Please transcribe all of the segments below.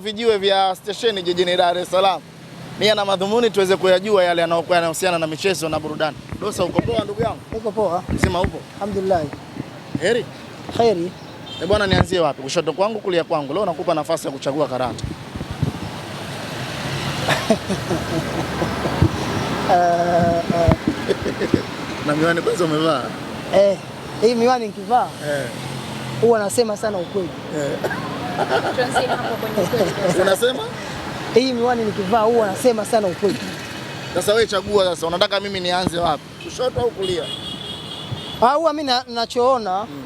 vijiwe vya stesheni jijini Dar es Salaam. Nia na madhumuni tuweze kuyajua yale yanayokuwa yanahusiana na michezo na burudani. Dosa, uko poa ndugu yangu? Uko poa. Sema upo? Alhamdulillah. Heri? Heri. Eh, bwana nianzie wapi? Kushoto kwangu, kulia kwangu? Leo nakupa nafasi ya kuchagua karata. Na miwani kwanza umevaa. Eh, hii miwani nikivaa. Eh. Huwa nasema sana ukweli. Eh. Unasema? Hii miwani nikivaa huwa nasema sana ukweli. Sasa wewe chagua sasa, unataka mimi nianze wapi? Kushoto au kulia? Ah, huwa mimi ninachoona mm.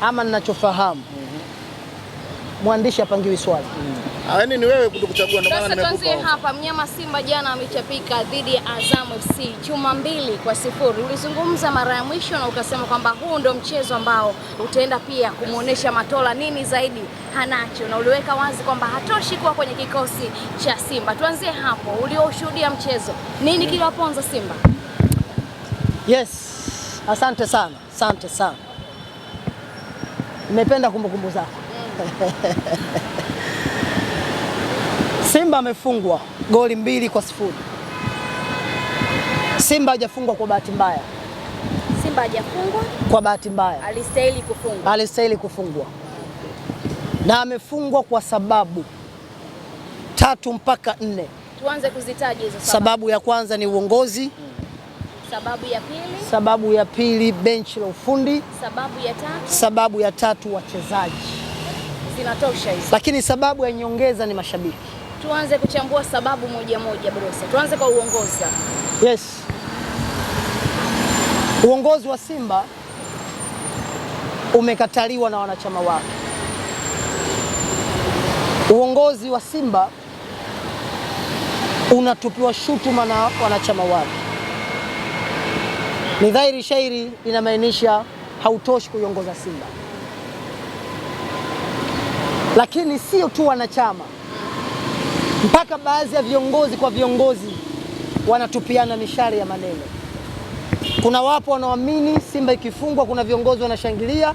ama ninachofahamu. Mhm. Mwandishi apangiwi swali. Hmm. Yaani ni wewe kutokuchagua ndio maana nimekupa. Sasa tuanzie hapa. Mnyama Simba jana amechapika dhidi ya Azam FC chuma mbili kwa sifuri. Ulizungumza mara ya mwisho na ukasema kwamba huu ndio mchezo ambao utaenda pia kumuonesha Matola nini zaidi hanacho, na uliweka wazi kwamba hatoshi kuwa kwenye kikosi cha Simba. Tuanzie hapo, ulioshuhudia mchezo, nini mm. kiliwaponza Simba? Yes, asante sana, asante sana, nimependa kumbukumbu zako mm. Simba amefungwa goli mbili kwa sifuri. Simba hajafungwa kwa bahati mbaya. Simba hajafungwa kwa bahati mbaya, alistahili kufungwa, alistahili kufungwa na amefungwa kwa sababu tatu mpaka nne. Tuanze kuzitaja hizo sababu. Sababu ya kwanza ni uongozi hmm. Sababu ya pili, sababu ya pili benchi la ufundi. Sababu ya tatu, sababu ya tatu wachezaji. Zinatosha hizo, lakini sababu ya nyongeza ni mashabiki tuanze kuchambua sababu moja moja, Brosa. Tuanze kwa uongozi. Yes, uongozi wa Simba umekataliwa na wanachama wake. Uongozi wa Simba unatupiwa shutuma na wanachama wake. Ni dhahiri shairi, inamaanisha hautoshi kuiongoza Simba, lakini sio tu wanachama mpaka baadhi ya viongozi kwa viongozi wanatupiana mishale ya maneno. Kuna wapo wanaamini Simba ikifungwa kuna viongozi wanashangilia,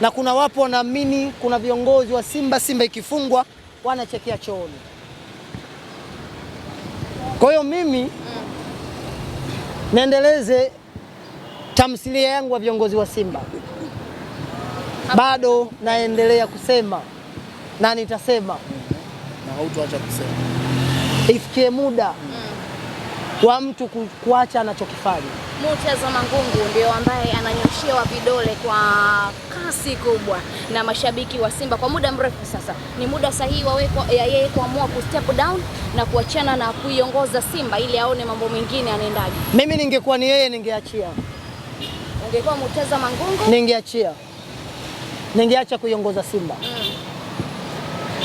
na kuna wapo wanaamini, kuna viongozi wa Simba Simba ikifungwa wanachekea chooni. Kwa hiyo mimi naendeleze tamthilia yangu wa viongozi wa Simba, bado naendelea kusema na nitasema na hautoacha kusema. Ifikie muda mm. wa mtu kuacha anachokifanya. Murtaza Mangungu ndio ambaye ananyoshewa vidole kwa kasi kubwa na mashabiki wa Simba kwa muda mrefu sasa. Ni muda sahihi ya yeye kuamua ku step down na kuachana na kuiongoza Simba ili aone mambo mengine anaendaje. Mimi ningekuwa ni yeye ningeachia. Ungekuwa Murtaza Mangungu? Ningeachia, ningeacha kuiongoza Simba mm.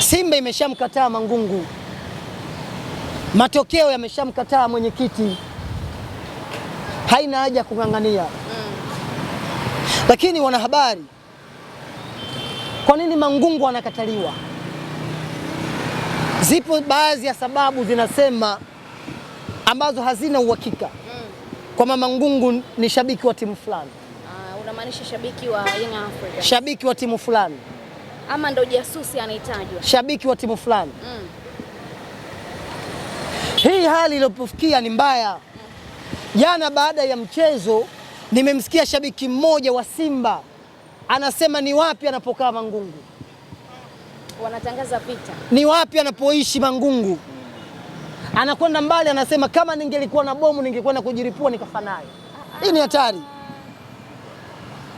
Simba imeshamkataa Mangungu, matokeo yameshamkataa mwenyekiti, haina haja ya kung'ang'ania. Lakini wanahabari, kwa nini Mangungu anakataliwa? Zipo baadhi ya sababu zinasema ambazo hazina uhakika kwamba Mangungu ni shabiki wa timu fulani. Uh, unamaanisha shabiki wa Young Africans, shabiki wa timu fulani ama ndo jasusi anahitajwa shabiki wa timu fulani mm. Hii hali iliyofikia ni mbaya. Jana baada ya mchezo, nimemsikia shabiki mmoja wa Simba anasema ni wapi anapokaa Mangungu, wanatangaza vita, ni wapi anapoishi Mangungu. Anakwenda mbali, anasema kama ningelikuwa na bomu ningekwenda kujiripua nikafa Hii ni hatari,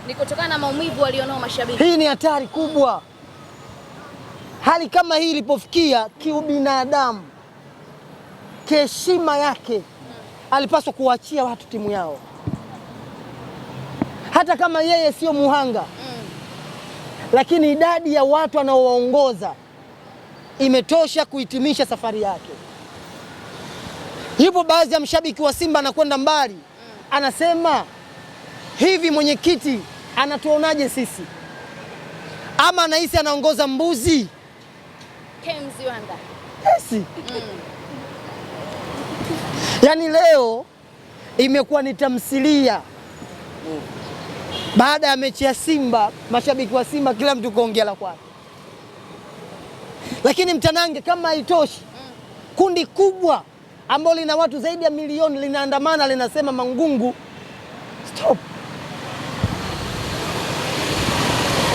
ni kutokana na maumivu walionao mashabiki. Hii ni hatari kubwa. Hali kama hii ilipofikia, kiubinadamu, kiheshima yake alipaswa kuwaachia watu timu yao, hata kama yeye sio muhanga Lakini idadi ya watu anaowaongoza imetosha kuhitimisha safari yake. Yupo baadhi ya mshabiki wa Simba anakwenda mbali Anasema hivi, mwenyekiti anatuonaje sisi? Ama anahisi anaongoza mbuzi KMZ Yes. Mm. Yaani leo imekuwa ni tamthilia mm. Baada ya mechi ya Simba, mashabiki wa Simba kila mtu kaongea la kwake, lakini mtanange kama haitoshi mm. Kundi kubwa ambalo lina watu zaidi ya milioni linaandamana linasema Mangungu stop.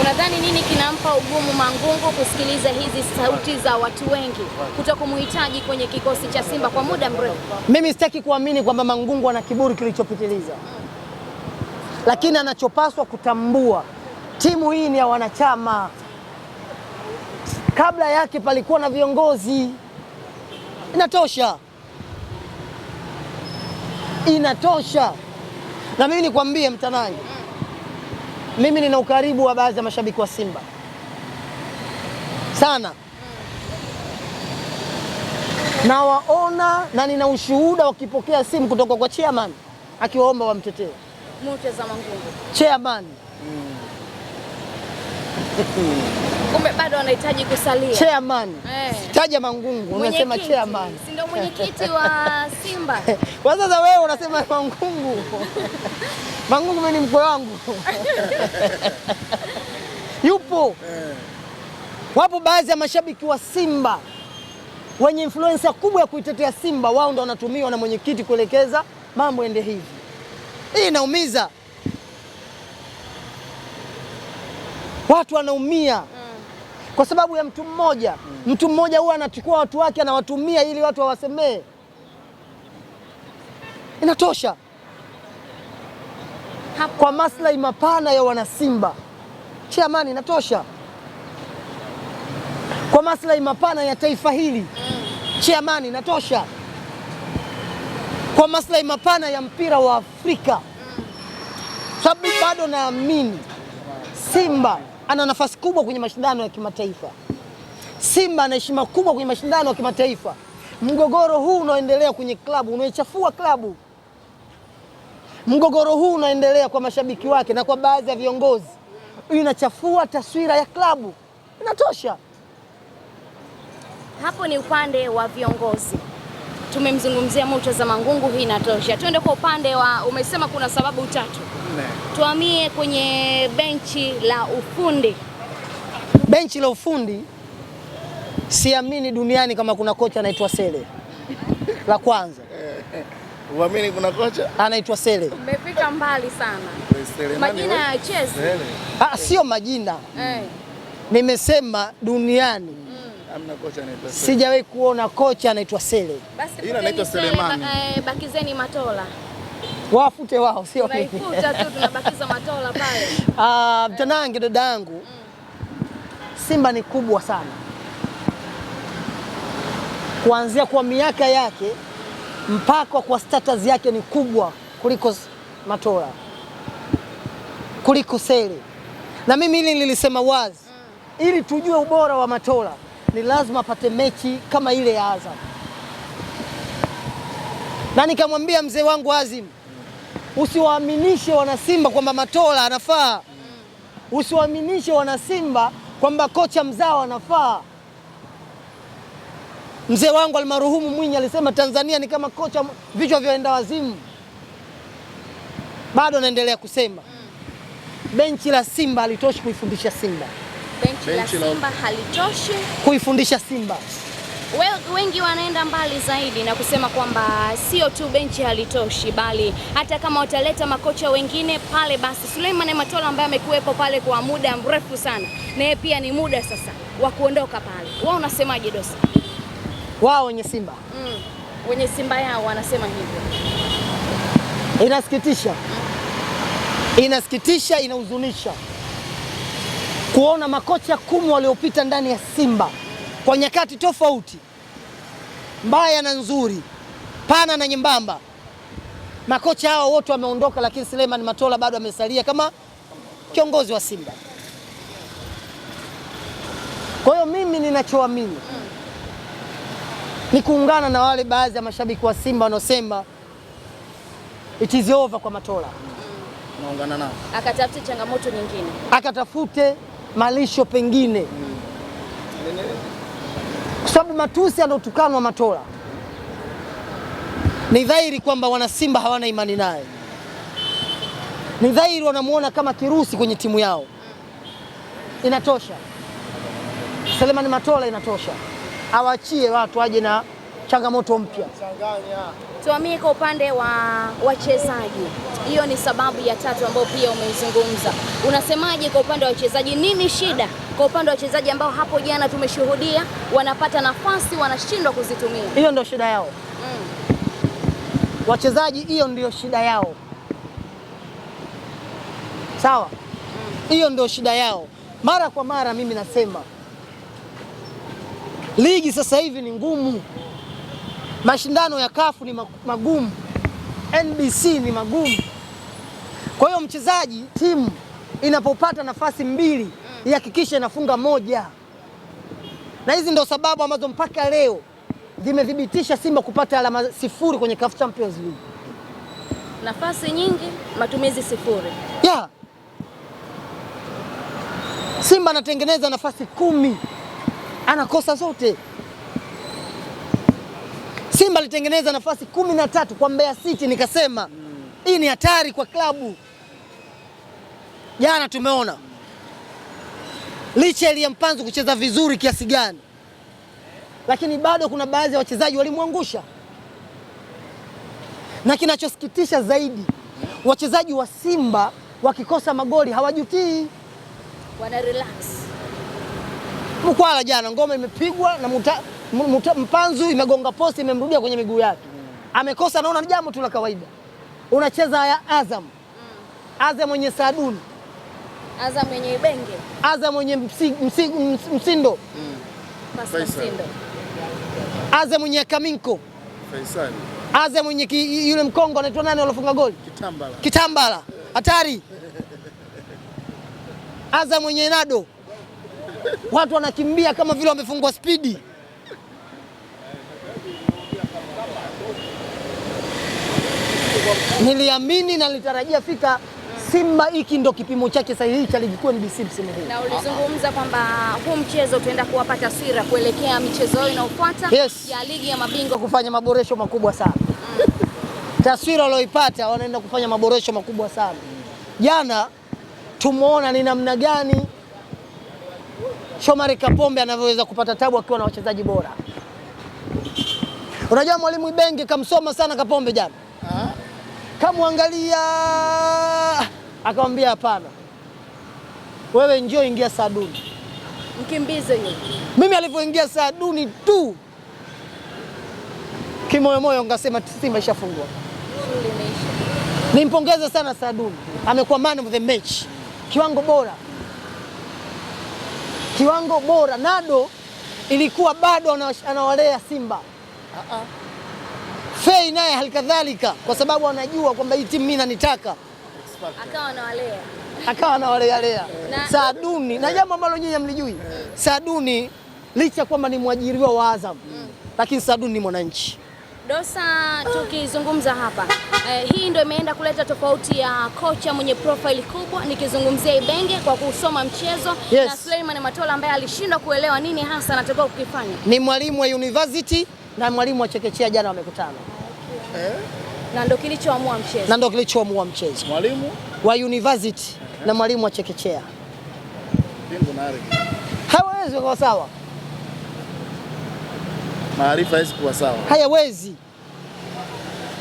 Unadhani nini kinampa ugumu Mangungu kusikiliza hizi sauti za watu wengi kutokumhitaji kwenye kikosi cha Simba kwa muda mrefu? Mimi sitaki kuamini kwamba Mangungu ana kiburi kilichopitiliza, lakini anachopaswa kutambua, timu hii ni ya wanachama. Kabla yake palikuwa na viongozi. Inatosha, inatosha. Na mimi nikwambie mtanangi mimi nina ukaribu wa baadhi ya mashabiki wa Simba sana, nawaona na nina ushuhuda wakipokea simu kutoka kwa chairman akiwaomba wamtetee Chairman. Mm. Kumbe bado anahitaji kusalia. Chairman. Eh, Taja Mangungu unasema chairman. Si ndio mwenyekiti wa Simba? Kwa sasa wewe unasema Mangungu. Mangungu mimi ni mkwe wangu. Yupo. eh. Wapo baadhi ya mashabiki wa Simba wenye influensa kubwa ya kuitetea Simba, wao ndio wanatumiwa na mwenyekiti kuelekeza mambo ende hivi. Hii inaumiza watu, wanaumia kwa sababu ya mtu mmoja. Mm. Mtu mmoja huwa anachukua watu wake anawatumia ili watu wawasemee. Inatosha kwa maslahi mapana ya wanasimba. Chairman, inatosha kwa maslahi mapana ya taifa hili. Mm. Chairman, inatosha kwa maslahi mapana ya mpira wa Afrika, mm. sababu bado naamini Simba ana nafasi kubwa kwenye mashindano ya kimataifa. Simba ana heshima kubwa kwenye mashindano ya kimataifa. Mgogoro huu unaoendelea kwenye klabu unaichafua klabu. Mgogoro huu unaendelea kwa mashabiki wake na kwa baadhi ya viongozi, inachafua taswira ya klabu. Inatosha. Hapo ni upande wa viongozi tumemzungumzia Murtaza Mangungu, hii inatosha. Tuende kwa upande wa, umesema kuna sababu tatu, tuamie kwenye benchi la ufundi. Benchi la ufundi, siamini duniani kama kuna kocha anaitwa Sele. La kwanza eh, uamini kuna kocha anaitwa Sele. Umefika mbali sana, majina ya chezi ah, sio majina, eh. nimesema duniani Amna kocha anaitwa Sele. Sijawahi kuona kocha anaitwa Sele. Basi ila anaitwa Selemani. Eh, Bakizeni Matola. Wafute wao sio mimi. Naifuta tu tunabakiza Matola pale. Ah, mtanange dadangu. Mm. Simba ni kubwa sana. Kuanzia kwa miaka yake mpaka kwa status yake ni kubwa kuliko Matola. Kuliko Sele. Na mimi hili nilisema wazi. Mm. Ili tujue ubora wa Matola ni lazima apate mechi kama ile ya Azam. Na nikamwambia mzee wangu Azim, usiwaaminishe wanasimba kwamba Matola anafaa, usiwaaminishe wanasimba kwamba kocha mzao anafaa. Mzee wangu almarhumu Mwinyi alisema Tanzania ni kama kocha vichwa vyaenda wazimu. Bado naendelea kusema mm. benchi la Simba halitoshi kuifundisha Simba benchi, benchi la Simba halitoshi kuifundisha Simba. Wengi wanaenda mbali zaidi na kusema kwamba sio tu benchi halitoshi, bali hata kama wataleta makocha wengine pale, basi Suleiman Matola ambaye amekuwepo pale kwa muda mrefu sana, naye pia ni muda sasa wa kuondoka pale. Wao unasemaje Dosa? Wao wenye Simba mm, wenye Simba yao wanasema hivyo. Inasikitisha, inasikitisha, inahuzunisha kuona makocha kumi waliopita ndani ya Simba kwa nyakati tofauti, mbaya na nzuri, pana na nyembamba. Makocha hao wote wameondoka, lakini Suleiman Matola bado amesalia kama kiongozi wa Simba. Kwa hiyo mimi ninachoamini ni kuungana na wale baadhi ya mashabiki wa Simba wanaosema it is over kwa Matola, naungana nao akatafute changamoto nyingine, akatafute malisho pengine Kwa sababu matusi yanayotukanwa Matola ni dhahiri kwamba wanasimba hawana imani naye, ni dhahiri wanamuona kama kirusi kwenye timu yao. Inatosha, Selemani Matola inatosha, awachie watu aje na changamoto mpya. Tuamie kwa upande wa wachezaji, hiyo ni sababu ya tatu ambayo pia umeizungumza. Unasemaje kwa upande wa wachezaji, nini shida kwa upande wa wachezaji ambao hapo jana tumeshuhudia wanapata nafasi wanashindwa kuzitumia? Hiyo ndio shida yao mm. Wachezaji, hiyo ndio shida yao, sawa mm. hiyo mm. ndio shida yao. Mara kwa mara mimi nasema ligi sasa hivi ni ngumu Mashindano ya kafu ni magumu, NBC ni magumu. Kwa hiyo mchezaji, timu inapopata nafasi mbili ihakikishe inafunga moja, na hizi ndio sababu ambazo mpaka leo zimethibitisha Simba kupata alama sifuri kwenye CAF Champions League. Nafasi nyingi, matumizi sifuri. Yeah. Simba anatengeneza nafasi kumi anakosa zote. Simba alitengeneza nafasi kumi na tatu kwa Mbeya City, nikasema hii ni hatari kwa klabu. Jana tumeona licha ya Mpanzu kucheza vizuri kiasi gani, lakini bado kuna baadhi ya wachezaji walimwangusha, na kinachosikitisha zaidi wachezaji wa Simba wakikosa magoli hawajutii, wana relax. Mkwala jana ngoma imepigwa na muta mpanzu imegonga posti imemrudia kwenye miguu yake amekosa, naona ni jambo tu la kawaida. Unacheza ya Azam, mm. Azam mwenye Saduni, Azam mwenye Ibenge, Azam mwenye mm. Msindo, Azam mwenye Kaminko, Azam mwenye yule Mkongo anaitwa nani alofunga goli Kitambala, Kitambala hatari Azam mwenye Nado, watu wanakimbia kama vile wamefungwa spidi. niliamini na nilitarajia fika Simba hiki ndo kipimo chake sahihi cha ligi kuu NBC msimu huu. Na ulizungumza kwamba huu mchezo utaenda kuwapa taswira kuelekea michezo inayofuata yes, ya ligi ya mabingwa kufanya maboresho makubwa sana mm. taswira walioipata wanaenda kufanya maboresho makubwa sana jana. Tumeona ni namna gani Shomari Kapombe anavyoweza kupata tabu akiwa na wachezaji bora. Unajua mwalimu Ibenge kamsoma sana Kapombe jana akamwangalia akamwambia, hapana, wewe njoo ingia saduni, mkimbize yule. Mimi alivyoingia saduni tu kimoyomoyo ngasema Simba ishafungua Nimpongeze sana Saduni, amekuwa man of the match, kiwango bora, kiwango bora. Nado ilikuwa bado anawalea Simba uh -uh. Fei naye halikadhalika, kwa sababu anajua kwamba hii timu mimi nanitaka, akawa anawalea akawa anawalealea Saduni na jambo ambalo nyinyi hamlijui, Saduni licha kwamba ni mwajiriwa wa Azam mm. lakini Saduni ni mwananchi. Dosa, tukizungumza hapa eh, hii ndio imeenda kuleta tofauti ya kocha mwenye profile kubwa, nikizungumzia Ibenge kwa kusoma mchezo yes. na Suleiman Matola ambaye alishindwa kuelewa nini hasa anatakiwa kukifanya. Ni mwalimu wa university na mwalimu wa chekechea, jana wamekutana Eh? Na ndo kilichoamua mchezo, na ndo kilichoamua mchezo, mwalimu wa university uh -huh. na mwalimu wa chekechea hawezi kuwa sawa, maarifa hawezi kuwa sawa, hayawezi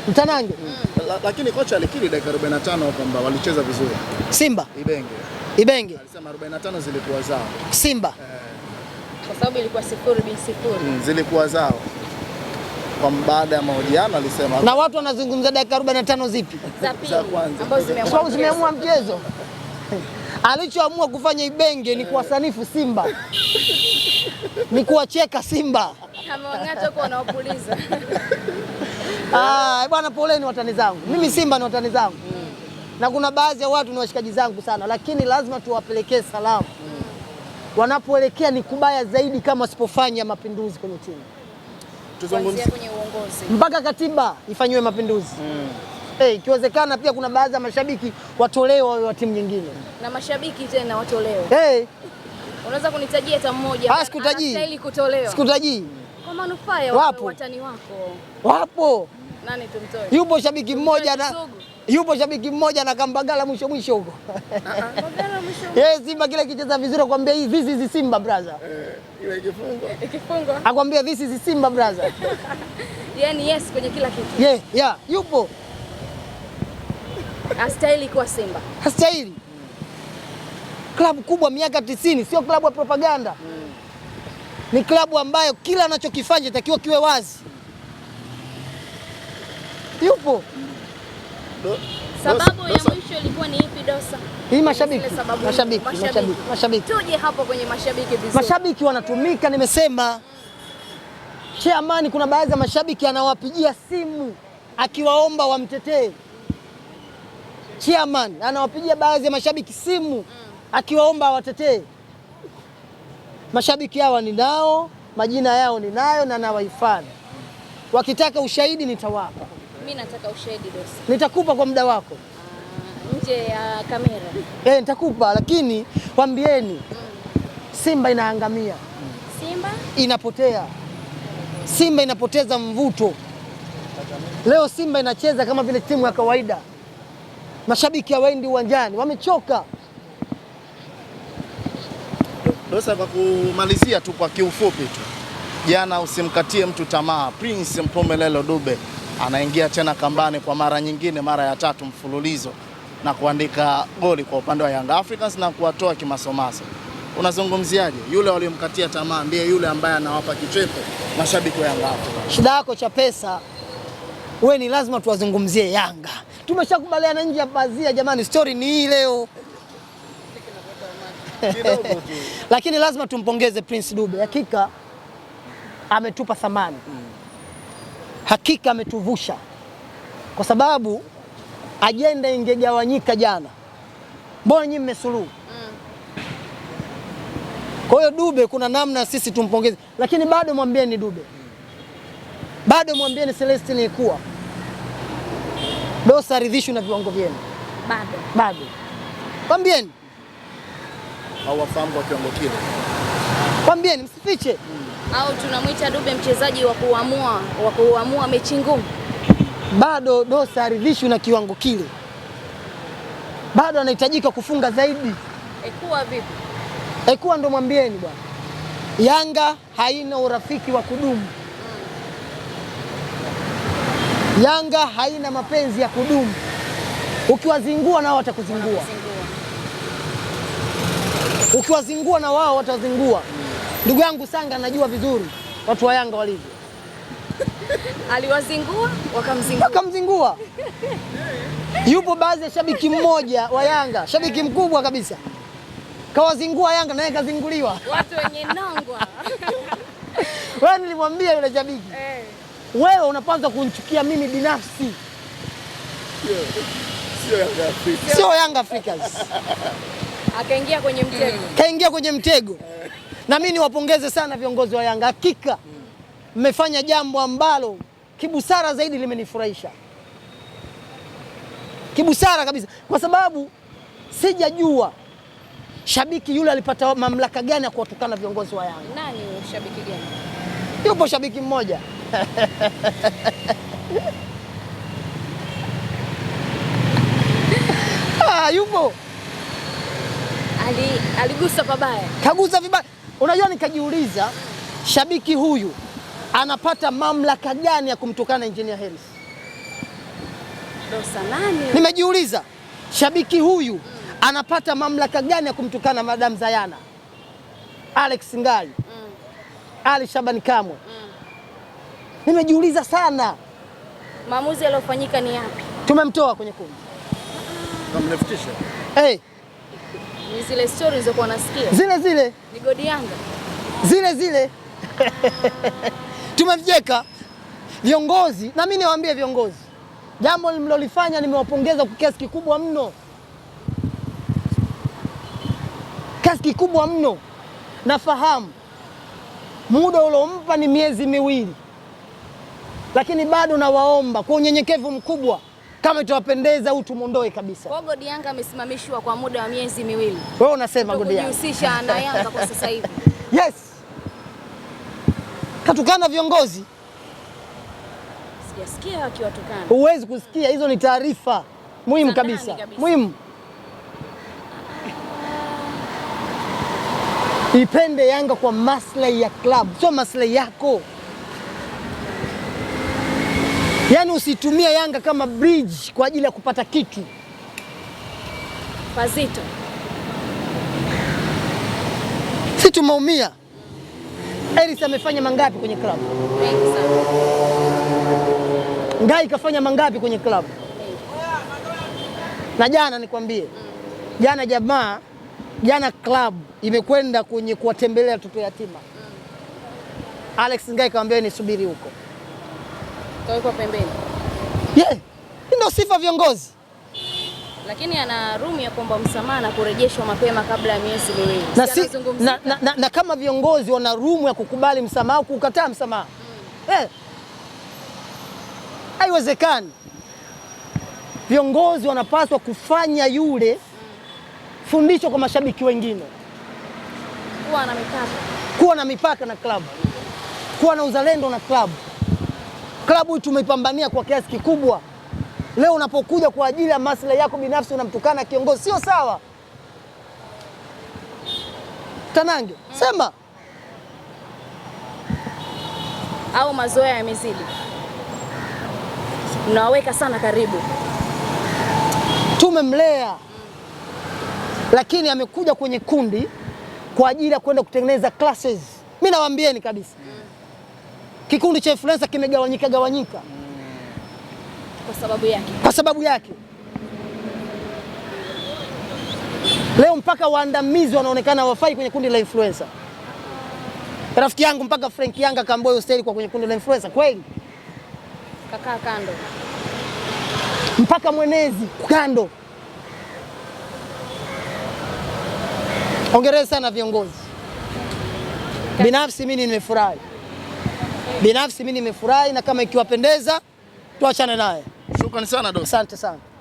mtanange mm. La, lakini kocha alikiri dakika 45 kwamba walicheza vizuri Simba Ibenge. Ibenge alisema 45 zilikuwa zao Simba eh. kwa sababu ilikuwa sifuri bin sifuri mm, zilikuwa zao kwa baada ya mahojiano alisema. Na watu wanazungumza dakika 45 zipi za kwanza zimeamua mchezo? Alichoamua kufanya Ibenge ni kuwasanifu Simba ni kuwacheka Simba bwana. Poleni watani zangu, mimi Simba ni watani zangu na kuna baadhi ya watu ni washikaji zangu sana, lakini lazima tuwapelekee salamu mm. wanapoelekea ni kubaya zaidi kama wasipofanya mapinduzi kwenye timu tuzungumzie kwenye uongozi mpaka katiba ifanyiwe mapinduzi mm. Hey, eh, ikiwezekana pia kuna baadhi ya mashabiki watolewe wawe wa timu nyingine na mashabiki tena watolewe. Hey. Eh. Unaweza kunitajia hata mmoja? Ah, sikutajii. kutolewa. Sikutajii. Kwa manufaa ya watani wako. Wapo. Nani tumtoe? Yupo shabiki mmoja na Yupo shabiki mmoja na kambagala mwisho mwisho huko. Yeye Simba kile kicheza vizuri akwambia hii this is Simba brother. Eh, ile ikifungwa. Eh, ikifungwa. Akwambia this is Simba brother. Yaani yes kwenye kila kitu. Yeah, yeah, yupo. Astahili kuwa Simba. Astahili. Hmm. Klabu kubwa miaka tisini sio klabu ya propaganda. Hmm. Ni klabu ambayo kila anachokifanya takiwa kiwe wazi. Yupo. Hmm sababu dosa, ya Mwisho ilikuwa ni ipi Dosa? Hii mashabiki mashabiki, mashabiki, mashabiki, mashabiki. Tuje hapo kwenye mashabiki vizuri. Mashabiki wanatumika, nimesema Chairman, kuna baadhi ya mashabiki anawapigia simu akiwaomba wamtetee. Chairman anawapigia baadhi ya mashabiki simu akiwaomba awatetee. Mashabiki hawa ninao, majina yao ninayo na nawahifadhi. Wakitaka ushahidi nitawapa. Mimi nataka ushahidi Nitakupa kwa muda wako ah, nje ya kamera. Eh, nitakupa lakini kwambieni mm. Simba inaangamia. Simba inapotea. Simba inapoteza mvuto. Leo Simba inacheza kama vile timu ya kawaida. Mashabiki hawaendi uwanjani, wamechoka. Dosa, kwa kumalizia tu kwa kiufupi tu, jana usimkatie mtu tamaa. Prince Mpumelelo Dube anaingia tena kambani kwa mara nyingine, mara ya tatu mfululizo na kuandika goli kwa upande wa Young Africans na kuwatoa kimasomaso. Unazungumziaje yule waliomkatia tamaa? Ndiye yule ambaye anawapa kicheko mashabiki wa Yanga. Shida yako cha pesa wewe, ni lazima tuwazungumzie Yanga. Tumeshakubaliana nje ya pazia jamani, story ni hii leo lakini lazima tumpongeze Prince Dube, hakika ametupa thamani mm hakika ametuvusha, kwa sababu ajenda ingegawanyika jana, mbona nyinyi mmesuluhu? Mm. Kwa hiyo Dube kuna namna sisi tumpongeze, lakini bado mwambieni Dube, bado mwambieni Celestine kuwa Dosa aridhishwi na viwango vyenu, bado bado mwambieni, au wafahamu kwa kiwango kile, mwambieni, msifiche. hmm au tunamwita Dube mchezaji wa kuamua wa kuamua mechi ngumu? Bado Dosa aridhishwi na kiwango kile, bado anahitajika kufunga zaidi. Ekuwa vipi? Ekuwa ndo mwambieni bwana, Yanga haina urafiki wa kudumu mm. Yanga haina mapenzi ya kudumu, ukiwazingua nao watakuzingua, ukiwazingua na wao watazingua Ndugu yangu Sanga anajua vizuri watu wa Yanga walivyo. Aliwazingua wakamzingua, wakamzingua. Yupo baadhi ya shabiki mmoja wa Yanga, shabiki mkubwa kabisa, kawazingua Yanga naye kazinguliwa. Watu wenye nongwa. Wewe, nilimwambia yule shabiki eh, wewe unapanza kunchukia mimi binafsi, sio Yanga Africans. Akaingia kwenye mtego, kaingia kwenye mtego. Eh. Na mimi niwapongeze sana viongozi wa Yanga, hakika mmefanya mm. jambo ambalo kibusara zaidi limenifurahisha, kibusara kabisa, kwa sababu sijajua shabiki yule alipata mamlaka gani ya kuwatukana viongozi wa Yanga. Nani shabiki gani? Yupo shabiki mmoja ah, yupo ali, aligusa kagusa vibaya Unajua, nikajiuliza shabiki huyu anapata mamlaka gani ya kumtukana Engineer Hersi? Nimejiuliza shabiki huyu anapata mamlaka gani ya kumtukana Madam Zayana, Alex Ngali, mm. Ali Shabani Kamwe, mm. Nimejiuliza sana maamuzi yaliyofanyika ni yapi? Tumemtoa kwenye kundi. Hey. Ni zile stories zilizokuwa nasikia. Zile zile. Ni Godi Yanga. Zile zile. Tumemjeka viongozi na mimi niwaambie viongozi, jambo mlilolifanya nimewapongeza kwa kiasi kikubwa mno, kiasi kikubwa mno. Nafahamu muda uliompa ni miezi miwili, lakini bado nawaomba kwa unyenyekevu mkubwa kama itawapendeza au tumondoe kabisa. Kwa God Yanga amesimamishwa kwa muda wa miezi miwili. Wewe unasema God Yanga kujihusisha na Yanga kwa sasa hivi. Yes. Katukana viongozi. Sijasikia akiwatukana. Huwezi kusikia hizo ni taarifa muhimu kabisa. kabisa. Muhimu. Ipende Yanga kwa maslahi ya klabu, sio maslahi yako. Yaani usitumie Yanga kama bridge kwa ajili ya kupata kitu. Pazito. Si tumeumia. Eris amefanya mangapi kwenye klabu? Ngai kafanya mangapi kwenye klabu? Na jana nikwambie, jana jamaa, jana klabu imekwenda kwenye kuwatembelea watoto yatima. Mm. Alex Ngai kawambia, nisubiri huko kawekwa pembeni. Yeah, ndio sifa viongozi. Lakini ana room ya kuomba msamaha na kurejeshwa mapema kabla ya miezi miwili. Na, si, na, na, na, na kama viongozi wana room ya kukubali msamaha au kukataa msamaha mm. Eh, haiwezekani. Viongozi wanapaswa kufanya yule mm. fundisho kwa mashabiki wengine kuwa na mipaka, kuwa na mipaka na klabu, kuwa na uzalendo na klabu. Klabu tumeipambania kwa kiasi kikubwa. Leo unapokuja kwa ajili ya maslahi yako binafsi unamtukana kiongozi, sio sawa. Tanange, mm. sema. Au mazoea yamezidi, mnawaweka sana karibu. Tumemlea, lakini amekuja kwenye kundi kwa ajili ya kwenda kutengeneza classes. Mimi nawaambieni kabisa kikundi cha influencer kimegawanyika gawanyika kwa sababu yake, kwa sababu yake. Leo mpaka waandamizi wanaonekana wafai kwenye kundi la influencer. Rafiki yangu mpaka Frank Yanga kamboyo hosteli kwa kwenye kundi la influencer kweli, kakaa kando, mpaka mwenezi kando. Hongereni sana viongozi. Binafsi mimi nimefurahi. Binafsi mimi nimefurahi, na kama ikiwapendeza tuachane naye. Shukrani sana dogo. Asante sana.